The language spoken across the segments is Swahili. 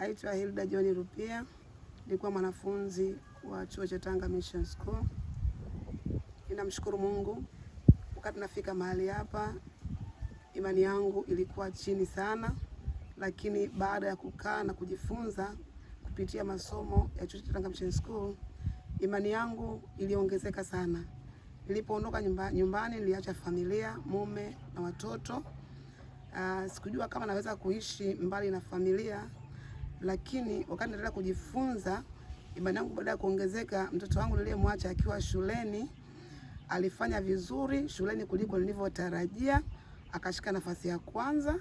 Naitwa Hilda John Rupia, nilikuwa mwanafunzi wa chuo cha Tanga Mission School. Ninamshukuru Mungu, wakati nafika mahali hapa imani yangu ilikuwa chini sana, lakini baada ya kukaa na kujifunza kupitia masomo ya chuo cha Tanga Mission School imani yangu iliongezeka sana. Nilipoondoka nyumbani, nyumbani niliacha familia, mume na watoto. Uh, sikujua kama naweza kuishi mbali na familia lakini wakati naendelea kujifunza, imani yangu baada ya kuongezeka. Mtoto wangu niliyemwacha akiwa shuleni alifanya vizuri shuleni kuliko nilivyotarajia, akashika nafasi ya kwanza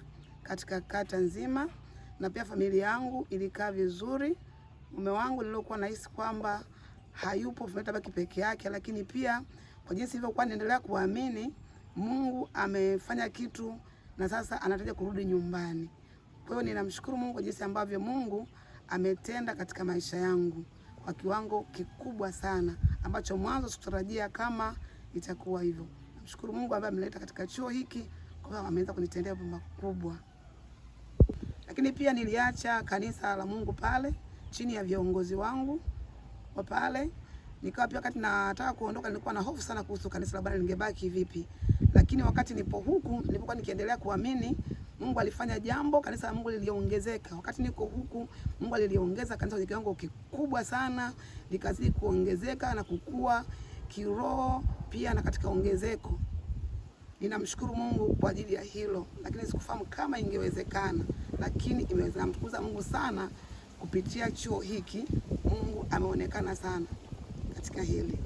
katika kata nzima, na pia familia yangu ilikaa vizuri. Mume wangu nilikuwa nahisi kwamba hayupo, tumetabaki peke yake, lakini pia kwa jinsi ilivyokuwa niendelea kuamini Mungu amefanya kitu na sasa anataja kurudi nyumbani. Kwa hiyo ninamshukuru Mungu kwa jinsi ambavyo Mungu ametenda katika maisha yangu kwa kiwango kikubwa sana ambacho mwanzo sikutarajia kama itakuwa hivyo. Namshukuru Mungu ambaye ameleta katika chuo hiki kwa ameweza kunitendea mambo makubwa. Lakini pia niliacha kanisa la Mungu pale chini ya viongozi wangu wa pale, nikawa pia wakati nataka kuondoka, nilikuwa na hofu sana kuhusu kanisa la Bwana, ningebaki vipi. Lakini wakati nipo huku, nilipokuwa nikiendelea kuamini Mungu alifanya jambo, kanisa la Mungu liliongezeka. Wakati niko huku, Mungu aliliongeza kanisa kwa kiwango kikubwa sana, likazidi kuongezeka na kukua kiroho pia na katika ongezeko. Ninamshukuru Mungu kwa ajili ya hilo, lakini sikufahamu kama ingewezekana, lakini imeweza. Namtukuza Mungu sana kupitia chuo hiki. Mungu ameonekana sana katika hili.